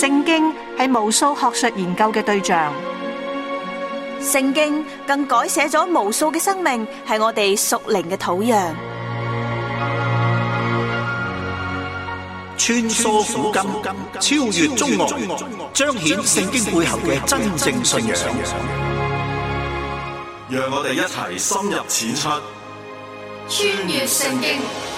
聖經係無數學術研究嘅對象，聖經更改寫咗無數嘅生命，係我哋屬靈嘅土壤。穿梭古今，超越中國，彰顯聖經背後嘅真正信仰。讓我哋一齊深入淺出，穿越聖經。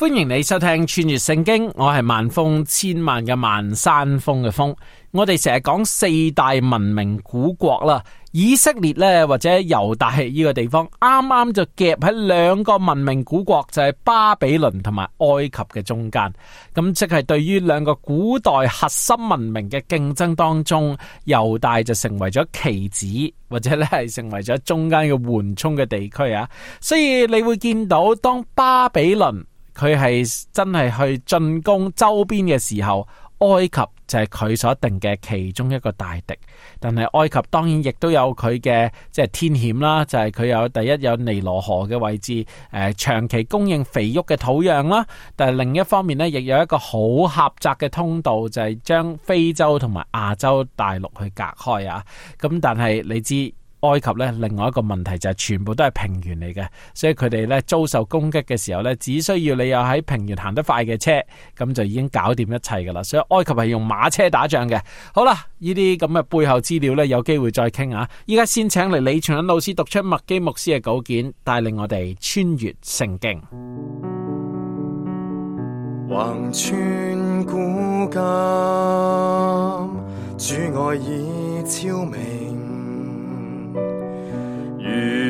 歡迎你收聽《穿越聖經》，我係萬峰千萬嘅萬山峰嘅峰。我哋成日講四大文明古國啦，以色列咧，或者猶大呢個地方，啱啱就夾喺兩個文明古國，就係巴比倫同埋埃及嘅中間。咁即係對於兩個古代核心文明嘅競爭當中，猶大就成為咗棋子，或者咧係成為咗中間嘅緩衝嘅地區啊。所以你會見到當巴比倫。佢係真係去進攻周邊嘅時候，埃及就係佢所定嘅其中一個大敵。但係埃及當然亦都有佢嘅即係天險啦，就係、是、佢有第一有尼羅河嘅位置，誒、呃、長期供應肥沃嘅土壤啦。但係另一方面呢，亦有一個好狹窄嘅通道，就係、是、將非洲同埋亞洲大陸去隔開啊。咁但係你知。埃及咧，另外一個問題就係全部都係平原嚟嘅，所以佢哋咧遭受攻擊嘅時候咧，只需要你有喺平原行得快嘅車，咁就已經搞掂一切噶啦。所以埃及係用馬車打仗嘅。好啦，呢啲咁嘅背後資料咧，有機會再傾下。依家先請嚟李長恩老師讀出麥基牧師嘅稿件，帶領我哋穿越聖經。橫穿古今，主愛已超明。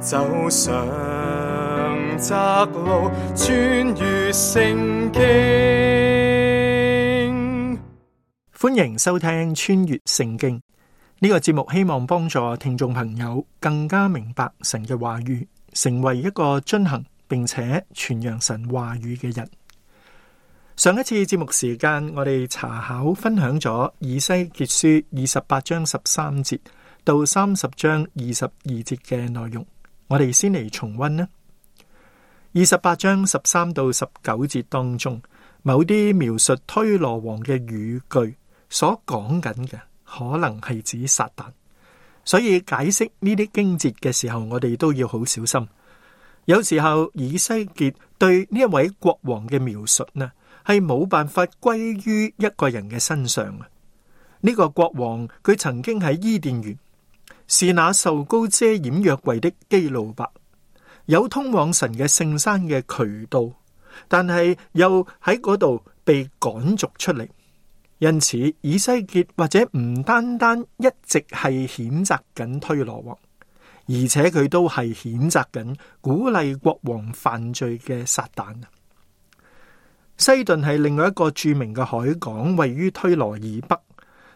走上窄路，穿越聖經。歡迎收聽《穿越聖經》呢、這個節目，希望幫助聽眾朋友更加明白神嘅話語，成為一個遵行並且傳揚神話語嘅人。上一次節目時間，我哋查考分享咗以西結書二十八章十三節到三十章二十二節嘅內容。我哋先嚟重温啦，二十八章十三到十九節當中，某啲描述推羅王嘅語句所講緊嘅，可能係指撒旦。所以解釋呢啲經節嘅時候，我哋都要好小心。有時候以西結對呢一位國王嘅描述呢，係冇辦法歸於一個人嘅身上啊。呢個國王佢曾經喺伊甸園。是那受高遮掩約櫃的基路伯，有通往神嘅聖山嘅渠道，但係又喺嗰度被趕逐出嚟。因此，以西結或者唔單單一直係譴責緊推羅王，而且佢都係譴責緊鼓勵國王犯罪嘅撒旦。西頓係另外一個著名嘅海港，位於推羅以北。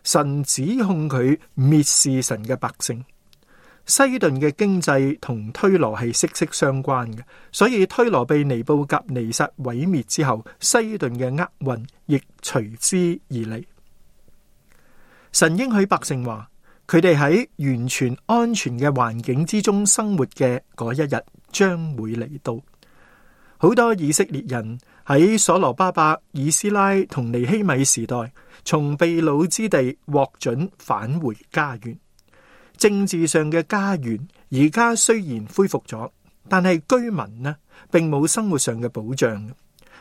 神指控佢蔑視神嘅百姓。西頓嘅經濟同推羅係息息相關嘅，所以推羅被尼布甲尼撒毀滅之後，西頓嘅厄運亦隨之而嚟。神應許百姓話，佢哋喺完全安全嘅環境之中生活嘅嗰一日將會嚟到。好多以色列人。喺所羅巴伯、以斯拉同尼希米時代，從被擄之地獲准返回家園。政治上嘅家園而家雖然恢復咗，但係居民呢，並冇生活上嘅保障。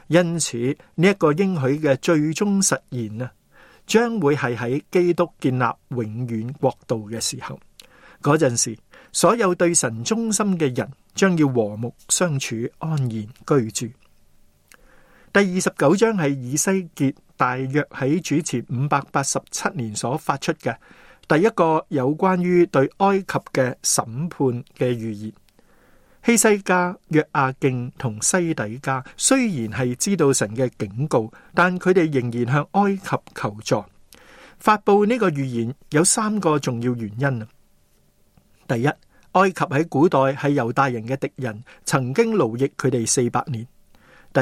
因此呢一個應許嘅最終實現呢，將會係喺基督建立永遠國度嘅時候。嗰陣時，所有對神忠心嘅人將要和睦相處，安然居住。第二十九章係以西結大約喺主持五百八十七年所發出嘅第一個有關於對埃及嘅審判嘅預言。希西家、約阿敬同西底家雖然係知道神嘅警告，但佢哋仍然向埃及求助。發布呢個預言有三個重要原因：第一，埃及喺古代係猶大人嘅敵人，曾經奴役佢哋四百年。第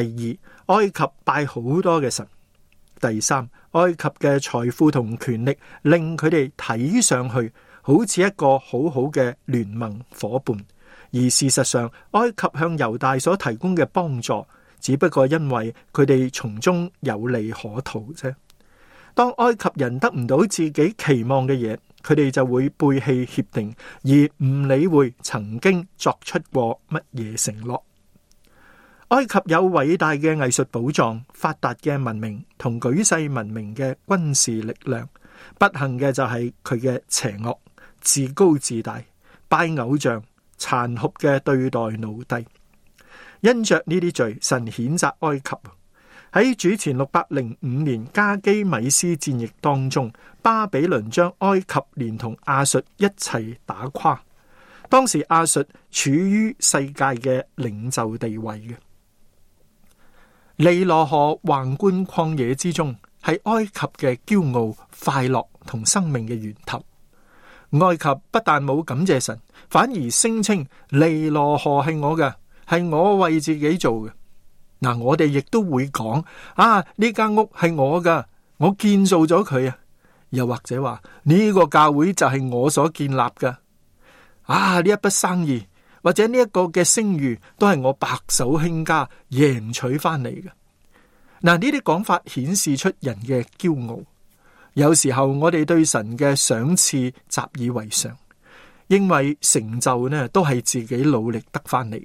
二，埃及拜好多嘅神；第三，埃及嘅財富同權力令佢哋睇上去好似一個好好嘅聯盟伙伴，而事實上，埃及向猶大所提供嘅幫助，只不過因為佢哋從中有利可圖啫。當埃及人得唔到自己期望嘅嘢，佢哋就會背棄協定，而唔理會曾經作出過乜嘢承諾。埃及有偉大嘅藝術寶藏、發達嘅文明同舉世聞名嘅軍事力量。不幸嘅就係佢嘅邪惡、自高自大、拜偶像、殘酷嘅對待奴隸。因着呢啲罪，神譴責埃及，喺主前六百零五年加基米斯戰役當中，巴比倫將埃及連同亞述一齊打垮。當時亞述處於世界嘅領袖地位嘅。尼羅河橫貫曠野之中，係埃及嘅驕傲、快樂同生命嘅源頭。埃及不但冇感謝神，反而聲稱尼羅河係我嘅，係我為自己做嘅。嗱、啊，我哋亦都會講啊，呢間屋係我噶，我建造咗佢啊，又或者話呢、呢個教會就係我所建立噶。啊，呢一筆生意。或者呢一個嘅聲譽都係我白手興家贏取翻嚟嘅。嗱，呢啲講法顯示出人嘅驕傲。有時候我哋對神嘅賞賜習以為常，認為成就呢都係自己努力得翻嚟。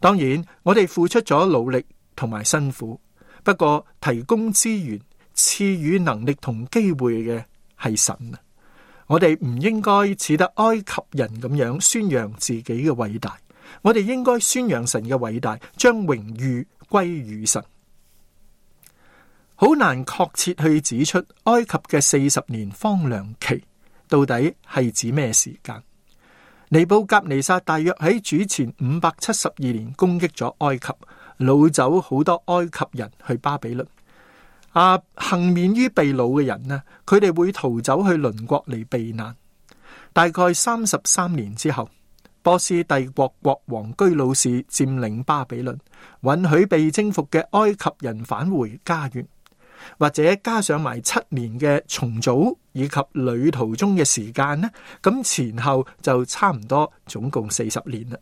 當然，我哋付出咗努力同埋辛苦，不過提供資源、賜予能力同機會嘅係神啊。我哋唔應該似得埃及人咁樣宣揚自己嘅偉大，我哋應該宣揚神嘅偉大，將榮譽歸於神。好難確切去指出埃及嘅四十年荒涼期到底係指咩時間。尼布甲尼撒大約喺主前五百七十二年攻擊咗埃及，擄走好多埃及人去巴比倫。啊！幸免於被擄嘅人呢？佢哋會逃走去鄰國嚟避難。大概三十三年之後，波斯帝國國王居魯士占領巴比倫，允許被征服嘅埃及人返回家園，或者加上埋七年嘅重組以及旅途中嘅時間呢？咁前後就差唔多，總共四十年啦。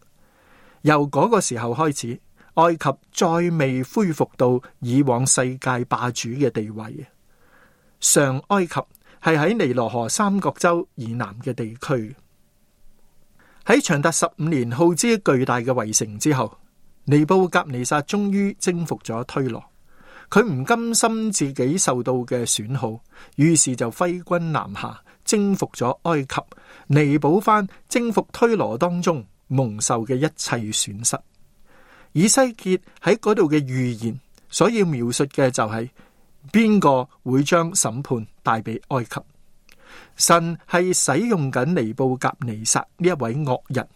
由嗰個時候開始。埃及再未恢復到以往世界霸主嘅地位。上埃及係喺尼羅河三角洲以南嘅地區。喺長達十五年耗資巨大嘅圍城之後，尼布甲尼撒終於征服咗推羅。佢唔甘心自己受到嘅損耗，於是就揮軍南下，征服咗埃及，彌補翻征服推羅當中蒙受嘅一切損失。以西結喺嗰度嘅預言，所以要描述嘅就係邊個會將審判帶俾埃及。神係使用緊尼布甲尼撒呢一位惡人，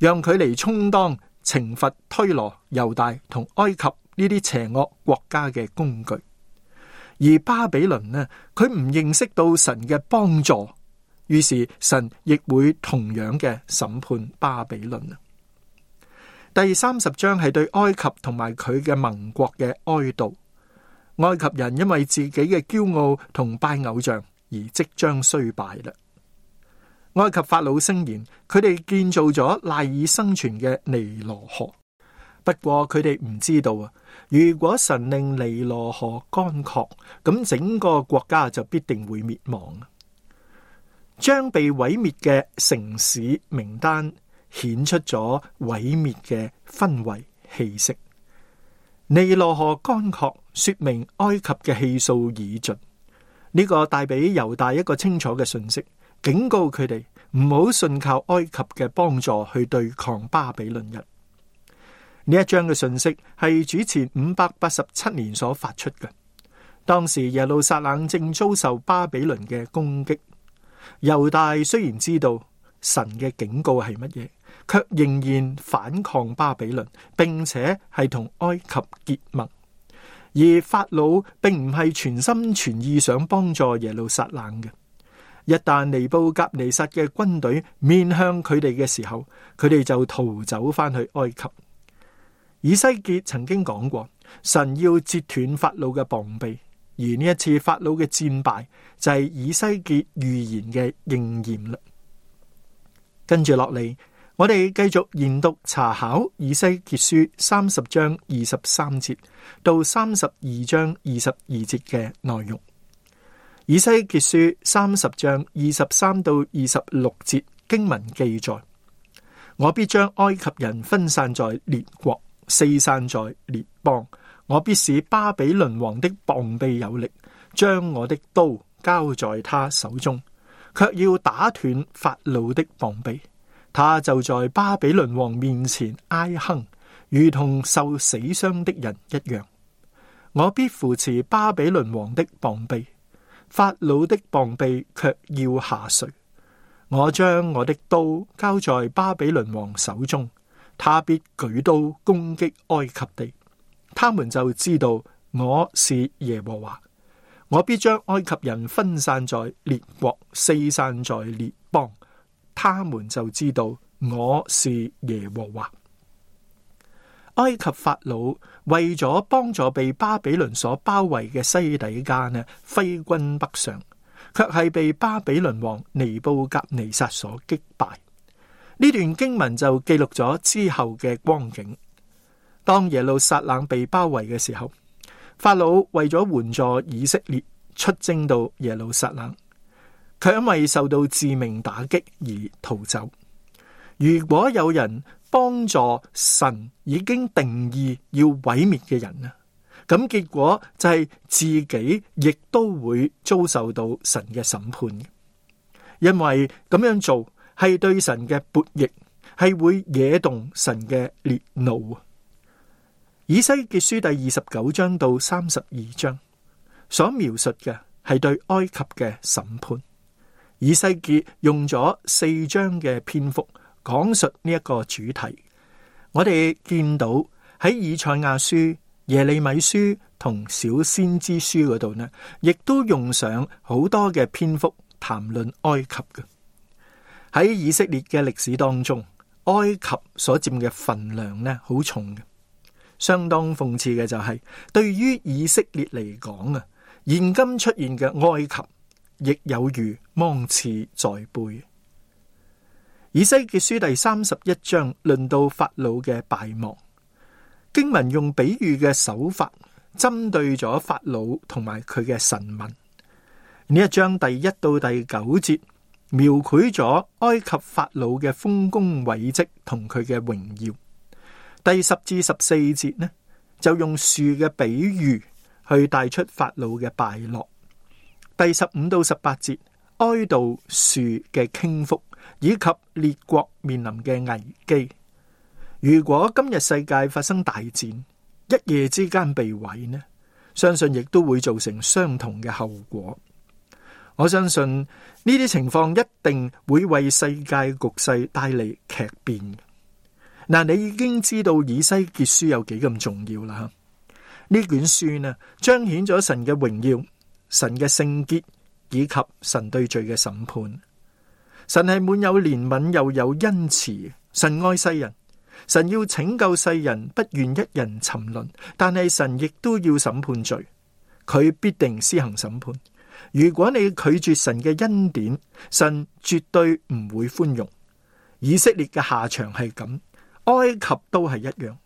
讓佢嚟充當懲罰推羅、猶大同埃及呢啲邪惡國家嘅工具。而巴比倫呢，佢唔認識到神嘅幫助，於是神亦會同樣嘅審判巴比倫。第三十章係對埃及同埋佢嘅盟國嘅哀悼。埃及人因為自己嘅驕傲同拜偶像而即將衰敗啦。埃及法老聲言，佢哋建造咗賴以生存嘅尼羅河。不過佢哋唔知道啊，如果神令尼羅河乾涸，咁整個國家就必定會滅亡。將被毀滅嘅城市名單。顯出咗毀滅嘅氛圍氣息。尼羅河乾涸，說明埃及嘅氣數已盡。呢、這個帶俾猶大一個清楚嘅信息，警告佢哋唔好信靠埃及嘅幫助去對抗巴比倫人。呢一章嘅信息係主前五百八十七年所發出嘅。當時耶路撒冷正遭受巴比倫嘅攻擊。猶大雖然知道神嘅警告係乜嘢。卻仍然反抗巴比倫，並且係同埃及結盟。而法老並唔係全心全意想幫助耶路撒冷嘅。一旦尼布甲尼撒嘅軍隊面向佢哋嘅時候，佢哋就逃走翻去埃及。以西結曾經講過，神要截斷法老嘅膀臂，而呢一次法老嘅戰敗就係、是、以西結預言嘅應驗啦。跟住落嚟。我哋繼續研讀查考以西結書三十章二十三節到三十二章二十二節嘅內容。以西結書三十章二十三到二十六節經文記載：我必將埃及人分散在列國，四散在列邦。我必使巴比倫王的膀臂有力，將我的刀交在他手中，却要打斷法老的膀臂。他就在巴比倫王面前哀哼，如同受死傷的人一樣。我必扶持巴比倫王的膀臂，法老的膀臂却要下垂。我將我的刀交在巴比倫王手中，他必舉刀攻擊埃及地。他們就知道我是耶和華。我必將埃及人分散在列國，四散在列邦。他們就知道我是耶和華。埃及法老為咗幫助被巴比倫所包圍嘅西底家呢，揮軍北上，却係被巴比倫王尼布甲尼撒所擊敗。呢段經文就記錄咗之後嘅光景。當耶路撒冷被包圍嘅時候，法老為咗援助以色列，出征到耶路撒冷。佢因為受到致命打擊而逃走。如果有人幫助神已經定義要毀滅嘅人呢，咁結果就係自己亦都會遭受到神嘅審判嘅。因為咁樣做係對神嘅悖逆，係會惹動神嘅烈怒。以西結書第二十九章到三十二章所描述嘅係對埃及嘅審判。以西結用咗四章嘅篇幅講述呢一個主題。我哋見到喺以賽亞書、耶利米書同小先知書嗰度呢，亦都用上好多嘅篇幅談論埃及嘅。喺以色列嘅歷史當中，埃及所佔嘅份量呢，好重嘅。相當諷刺嘅就係、是、對於以色列嚟講啊，現今出現嘅埃及，亦有如芒刺在背。以西結書第三十一章論到法老嘅敗亡，經文用比喻嘅手法，針對咗法老同埋佢嘅臣民。呢一章第一到第九節，描繪咗埃及法老嘅豐功偉績同佢嘅榮耀。第十至十四節呢，就用樹嘅比喻去帶出法老嘅敗落。第十五到十八節，哀悼樹嘅傾覆，以及列國面臨嘅危機。如果今日世界發生大戰，一夜之間被毀呢？相信亦都會造成相同嘅後果。我相信呢啲情況一定會為世界局勢帶嚟劇變。嗱，你已經知道以西結書有幾咁重要啦。吓，呢卷書呢，彰顯咗神嘅榮耀。神嘅聖潔以及神對罪嘅審判，神係滿有憐憫又有恩慈，神愛世人，神要拯救世人，不願一人沉淪。但係神亦都要審判罪，佢必定施行審判。如果你拒絕神嘅恩典，神絕對唔會寬容。以色列嘅下場係咁，埃及都係一樣。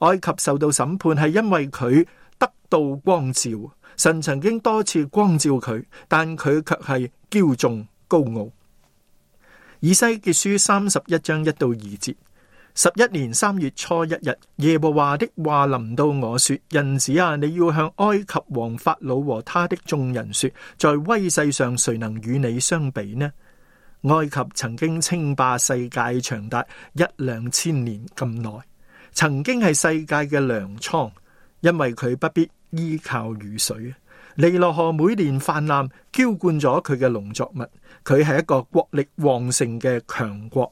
埃及受到審判係因為佢得到光照。神曾經多次光照佢，但佢卻係驕縱高傲。以西結書三十一章一到二節，十一年三月初一日，耶和華的話臨到我說：人子啊，你要向埃及王法老和他的眾人說：在威勢上，誰能與你相比呢？埃及曾經稱霸世界長達一兩千年咁耐，曾經係世界嘅糧倉，因為佢不必。依靠雨水，尼羅河每年氾濫，澆灌咗佢嘅農作物。佢係一個國力旺盛嘅強國。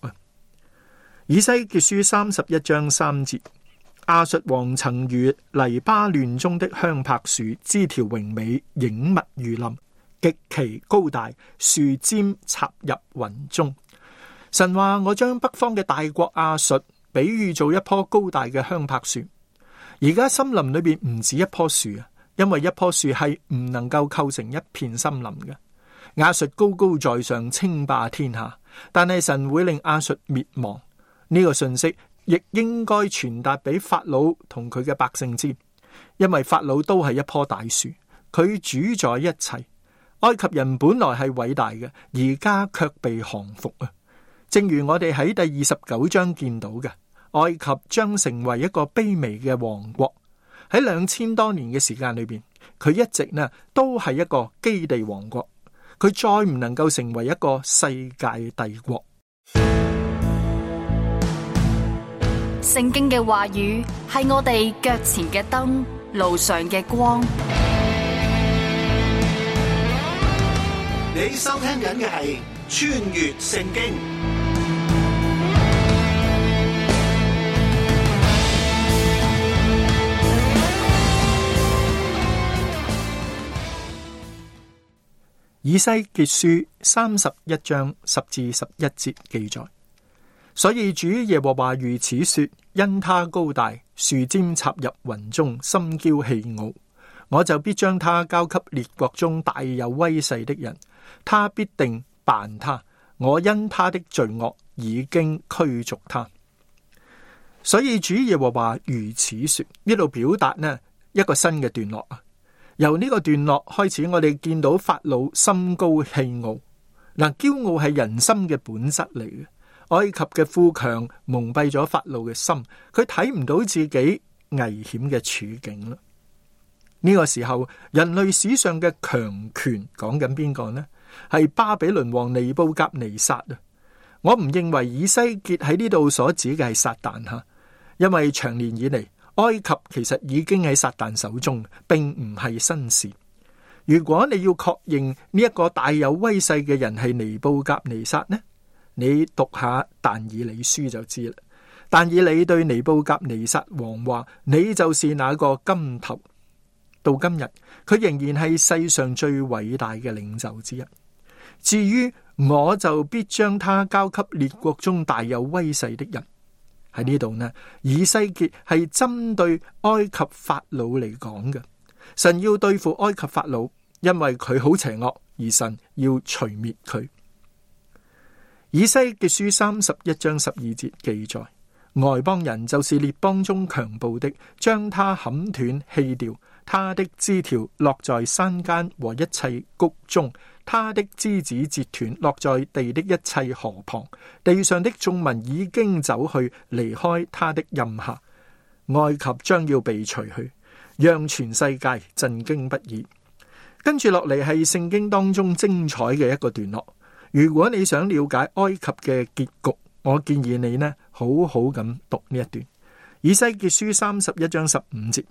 以西結書三十一章三節，亞述王曾如黎巴嫩中的香柏樹，枝條榮美，影密如林，極其高大，樹尖插入雲中。神話我將北方嘅大國亞述比喻做一棵高大嘅香柏樹。而家森林裏邊唔止一棵樹啊，因為一棵樹係唔能夠構成一片森林嘅。亞述高高在上，稱霸天下，但係神會令亞述滅亡。呢個信息亦應該傳達俾法老同佢嘅百姓知，因為法老都係一棵大樹，佢主宰一切。埃及人本來係偉大嘅，而家卻被降服啊！正如我哋喺第二十九章見到嘅。埃及將成為一個卑微嘅王國，喺兩千多年嘅時間裏邊，佢一直呢都係一個基地王國，佢再唔能夠成為一個世界帝國。聖經嘅話語係我哋腳前嘅燈，路上嘅光。你收聽緊嘅係《穿越聖經》。以西結書三十一章十至十一節記載，所以主耶和華如此說：因他高大，樹尖插入雲中，心驕氣傲，我就必將他交給列國中大有威勢的人，他必定辦他。我因他的罪惡，已經驅逐他。所以主耶和華如此說，呢度表達呢一個新嘅段落啊。由呢個段落開始，我哋見到法老心高氣傲，嗱，驕傲係人心嘅本質嚟嘅。埃及嘅富強蒙蔽咗法老嘅心，佢睇唔到自己危險嘅處境啦。呢、這個時候，人類史上嘅強權講緊邊個呢？係巴比倫王尼布甲尼撒啊！我唔認為以西結喺呢度所指嘅係撒旦吓，因為長年以嚟。埃及其實已經喺撒旦手中，並唔係新事。如果你要確認呢一個大有威勢嘅人係尼布甲尼撒呢，你讀下但以理書就知啦。但以理對尼布甲尼撒王話：你就是那個金頭。到今日，佢仍然係世上最偉大嘅領袖之一。至於我就必將他交給列國中大有威勢的人。喺呢度呢，以西結係針對埃及法老嚟講嘅。神要對付埃及法老，因為佢好邪惡，而神要除滅佢。以西結書三十一章十二節記載：外邦人就是列邦中強暴的，將他砍斷棄掉，他的枝條落在山間和一切谷中。他的枝子折斷，落在地的一切河旁。地上的眾民已經走去，離開他的蔭下。埃及將要被除去，讓全世界震驚不已。跟住落嚟係聖經當中精彩嘅一個段落。如果你想了解埃及嘅結局，我建議你呢好好咁讀呢一段。以西結書三十一章十五節。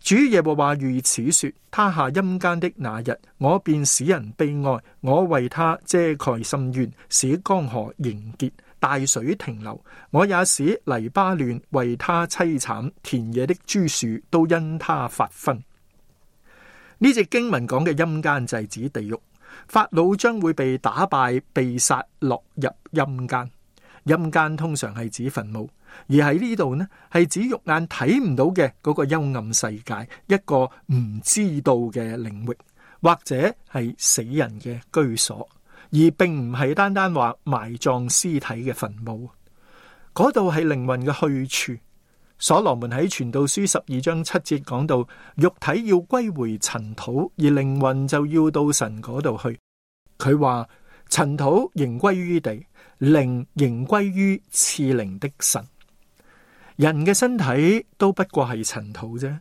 主耶和華如此說：他下陰間的那日，我便使人悲哀；我為他遮蓋深淵，使江河凝結，大水停留；我也使泥巴亂，為他淒慘，田野的諸樹都因他發昏。呢隻經文講嘅陰間就係指地獄，法老將會被打敗、被殺，落入陰間。陰間通常係指墳墓。而喺呢度呢，係指肉眼睇唔到嘅嗰個幽暗世界，一個唔知道嘅領域，或者係死人嘅居所，而並唔係單單話埋葬屍體嘅墳墓。嗰度係靈魂嘅去處。所羅門喺傳道書十二章七節講到，肉體要歸回塵土，而靈魂就要到神嗰度去。佢話，塵土仍歸於地，靈仍歸於賜靈的神。人嘅身體都不過係塵土啫。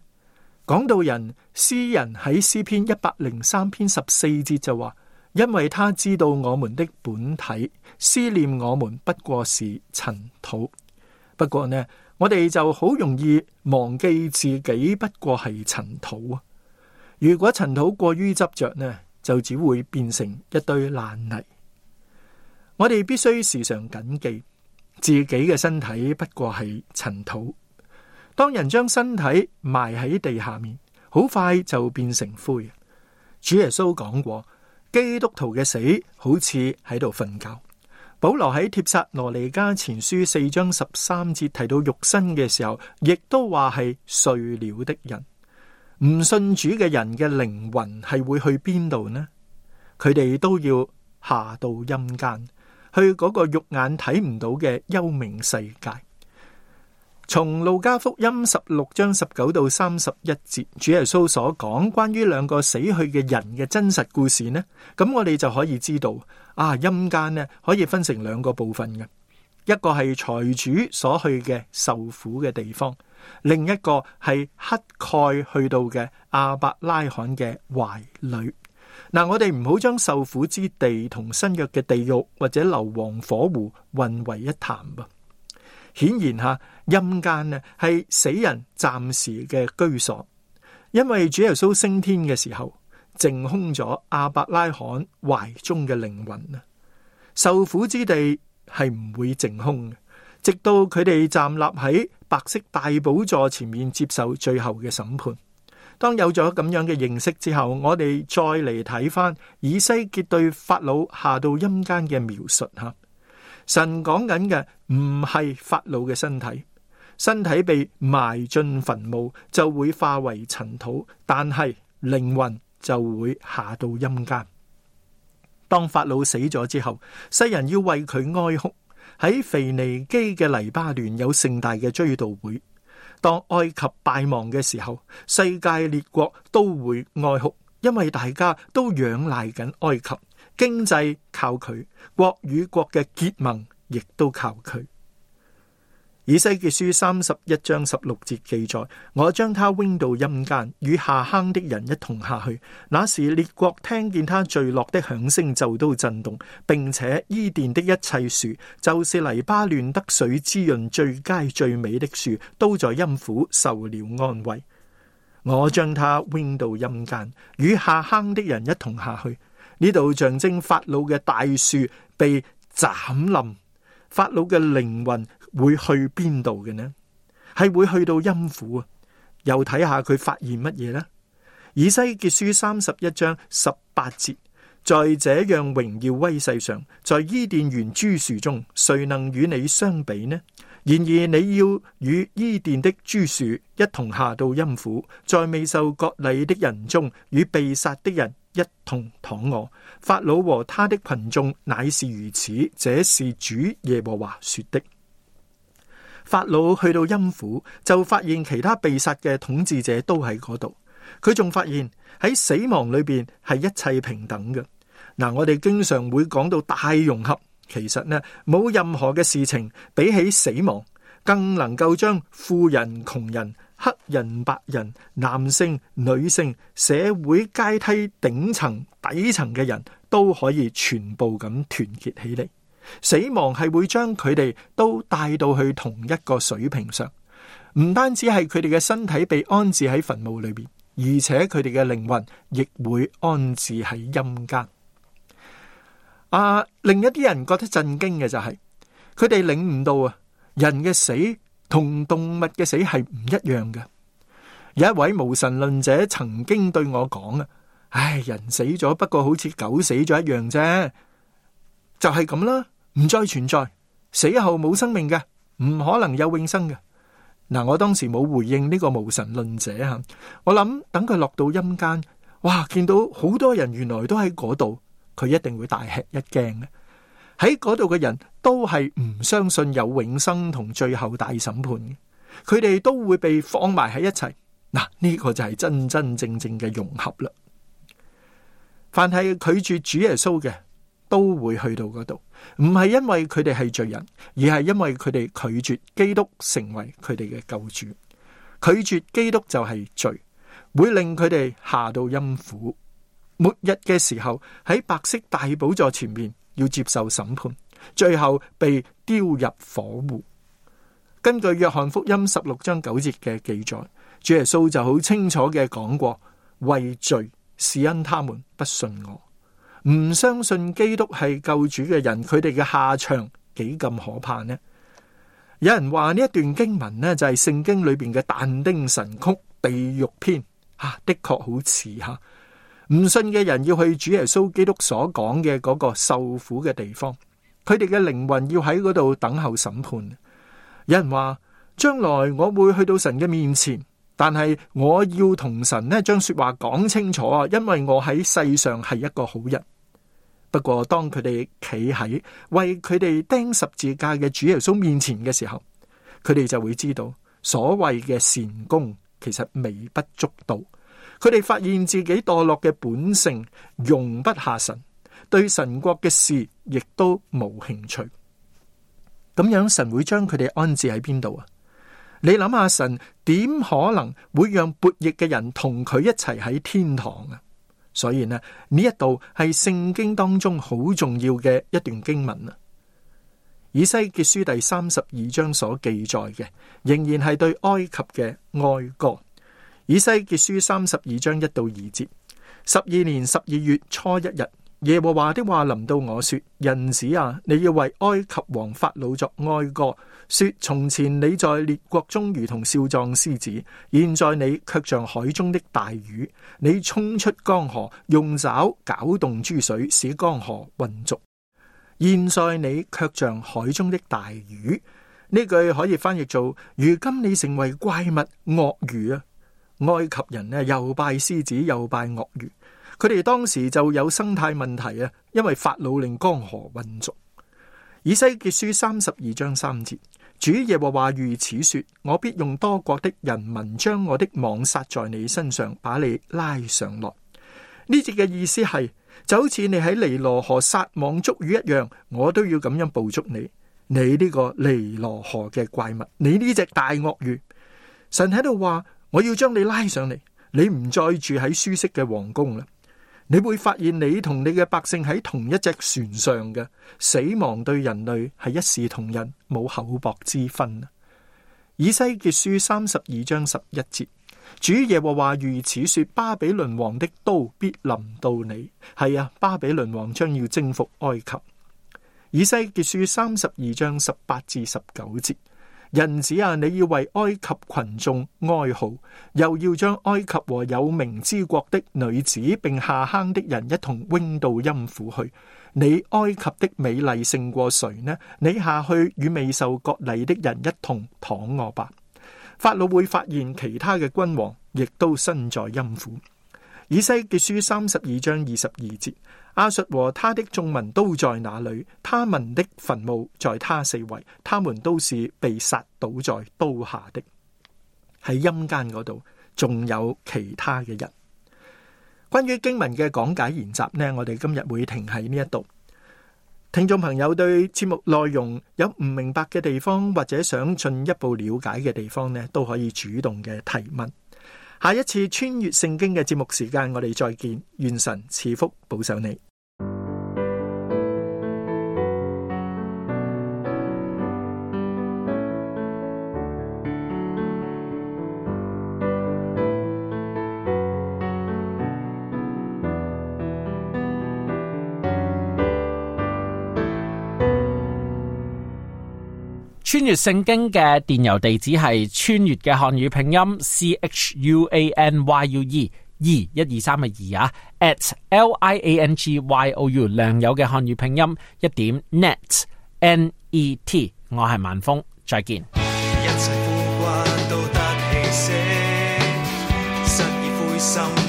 講到人，詩人喺詩篇一百零三篇十四節就話：因為他知道我們的本體，思念我們不過是塵土。不過呢，我哋就好容易忘記自己不過係塵土啊！如果塵土過於執着呢，就只會變成一堆爛泥。我哋必須時常謹記。自己嘅身體不過係塵土，當人將身體埋喺地下面，好快就變成灰。主耶穌講過，基督徒嘅死好似喺度瞓覺。保羅喺帖撒羅尼迦前書四章十三節提到肉身嘅時候，亦都話係睡了的人。唔信主嘅人嘅靈魂係會去邊度呢？佢哋都要下到陰間。去嗰個肉眼睇唔到嘅幽冥世界，從路加福音十六章十九到三十一節，主耶穌所講關於兩個死去嘅人嘅真實故事呢，咁我哋就可以知道，啊陰間呢可以分成兩個部分嘅，一個係財主所去嘅受苦嘅地方，另一個係乞丐去到嘅亞伯拉罕嘅懷裏。嗱，我哋唔好將受苦之地同新約嘅地獄或者硫磺火湖混為一談噃。顯然下陰間呢係死人暫時嘅居所，因為主耶穌升天嘅時候淨空咗亞伯拉罕懷中嘅靈魂啦。受苦之地係唔會淨空嘅，直到佢哋站立喺白色大寶座前面接受最後嘅審判。當有咗咁樣嘅認識之後，我哋再嚟睇翻，以西結對法老下到陰間嘅描述吓。神講緊嘅唔係法老嘅身體，身體被埋進墳墓就會化為塵土，但係靈魂就會下到陰間。當法老死咗之後，世人要為佢哀哭，喺腓尼基嘅黎巴嫩有盛大嘅追悼會。當埃及敗亡嘅時候，世界列國都會哀哭，因為大家都仰賴緊埃及，經濟靠佢，國與國嘅結盟亦都靠佢。以西結書三十一章十六節記載：我將他扔到陰間，與下坑的人一同下去。那時列國聽見他墜落的響聲，就都震動，並且伊甸的一切樹，就是黎巴嫩得水滋潤最佳最美的樹，都在陰府受了安慰。我將他扔到陰間，與下坑的人一同下去。呢度象徵法老嘅大樹被斬冧，法老嘅靈魂。會去邊度嘅呢？係會去到陰府啊。又睇下佢發現乜嘢咧？以西結書三十一章十八節，在這樣榮耀威勢上，在伊甸園諸樹中，誰能與你相比呢？然而你要與伊甸的諸樹一同下到陰府，在未受割禮的人中與被殺的人一同躺臥，法老和他的群眾乃是如此。這是主耶和華說的。法老去到陰府，就發現其他被殺嘅統治者都喺嗰度。佢仲發現喺死亡裏邊係一切平等嘅。嗱，我哋經常會講到大融合，其實咧，冇任何嘅事情比起死亡更能夠將富人、窮人、黑人、白人、男性、女性、社會階梯頂層、底層嘅人都可以全部咁團結起嚟。死亡係會將佢哋都帶到去同一個水平上，唔單止係佢哋嘅身體被安置喺墳墓裏邊，而且佢哋嘅靈魂亦會安置喺陰間。啊，另一啲人覺得震驚嘅就係佢哋領悟到啊，人嘅死同動物嘅死係唔一樣嘅。有一位無神論者曾經對我講啊，唉，人死咗，不過好似狗死咗一樣啫，就係咁啦。唔再存在，死後冇生命嘅，唔可能有永生嘅。嗱，我當時冇回應呢個無神論者吓。我諗等佢落到陰間，哇，見到好多人原來都喺嗰度，佢一定會大吃一驚嘅。喺嗰度嘅人都係唔相信有永生同最後大審判嘅，佢哋都會被放埋喺一齊。嗱，呢個就係真真正正嘅融合啦。凡係拒絕主耶穌嘅，都會去到嗰度。唔係因為佢哋係罪人，而係因為佢哋拒絕基督成為佢哋嘅救主。拒絕基督就係罪，會令佢哋下到陰府。末日嘅時候喺白色大寶座前面要接受審判，最後被丟入火湖。根據約翰福音十六章九節嘅記載，主耶穌就好清楚嘅講過：為罪是因他們不信我。唔相信基督係救主嘅人，佢哋嘅下場幾咁可怕呢？有人話呢一段經文呢就係聖經裏邊嘅但丁神曲地獄篇，啊，的確好似吓唔信嘅人要去主耶穌基督所講嘅嗰個受苦嘅地方，佢哋嘅靈魂要喺嗰度等候審判。有人話將來我會去到神嘅面前。但係我要同神呢，將說話講清楚啊！因為我喺世上係一個好人。不過當佢哋企喺為佢哋釘十字架嘅主耶穌面前嘅時候，佢哋就會知道所謂嘅善功其實微不足道。佢哋發現自己墮落嘅本性容不下神，對神國嘅事亦都冇興趣。咁樣神會將佢哋安置喺邊度啊？你諗下神點可能會讓悖逆嘅人同佢一齊喺天堂啊？所以呢呢一度係聖經當中好重要嘅一段經文啊。以西結書第三十二章所記載嘅，仍然係對埃及嘅哀歌。以西結書三十二章一到二節，十二年十二月初一日。耶和華的話臨到我說，人子啊，你要為埃及王法老作哀歌，說，從前你在列國中如同少壯獅子，現在你卻像海中的大魚。你衝出江河，用爪攪動諸水，使江河混濁。現在你卻像海中的大魚。呢句可以翻譯做，如今你成為怪物鱷魚啊！埃及人呢、啊、又拜獅子又拜鱷魚。佢哋當時就有生態問題啊，因為法老令江河渾濁。以西結書三十二章三節，主耶和華如此說：我必用多國的人民將我的網撒在你身上，把你拉上來。呢節嘅意思係，就好似你喺尼羅河撒網捉魚一樣，我都要咁樣捕捉你。你呢個尼羅河嘅怪物，你呢隻大鱷魚，神喺度話：我要將你拉上嚟，你唔再住喺舒適嘅皇宮啦。你會發現你同你嘅百姓喺同一隻船上嘅，死亡對人類係一視同仁，冇厚薄之分。以西結書三十二章十一節，主耶和華如此說：巴比倫王的刀必臨到你。係啊，巴比倫王將要征服埃及。以西結書三十二章十八至十九節。人子啊，你要為埃及群眾哀號，又要將埃及和有名之國的女子並下坑的人一同扔到陰府去。你埃及的美麗勝過誰呢？你下去與未受割禮的人一同躺臥吧。法老會發現其他嘅君王亦都身在陰府。以西結書三十二章二十二節，亞述和他的眾民都在那裏，他們的墳墓在他四圍，他們都是被殺倒在刀下的。喺陰間嗰度，仲有其他嘅人。關於經文嘅講解研習呢，我哋今日會停喺呢一度。聽眾朋友對節目內容有唔明白嘅地方，或者想進一步了解嘅地方呢，都可以主動嘅提問。下一次穿越聖經嘅節目時間，我哋再見。願神賜福保守你。穿越聖經嘅電郵地址係穿越嘅漢語拼音 c h u a n y u e e 一二三嘅二啊 at l i a n g y o u 良友嘅漢語拼音一點 net n e t 我係萬峰，再見。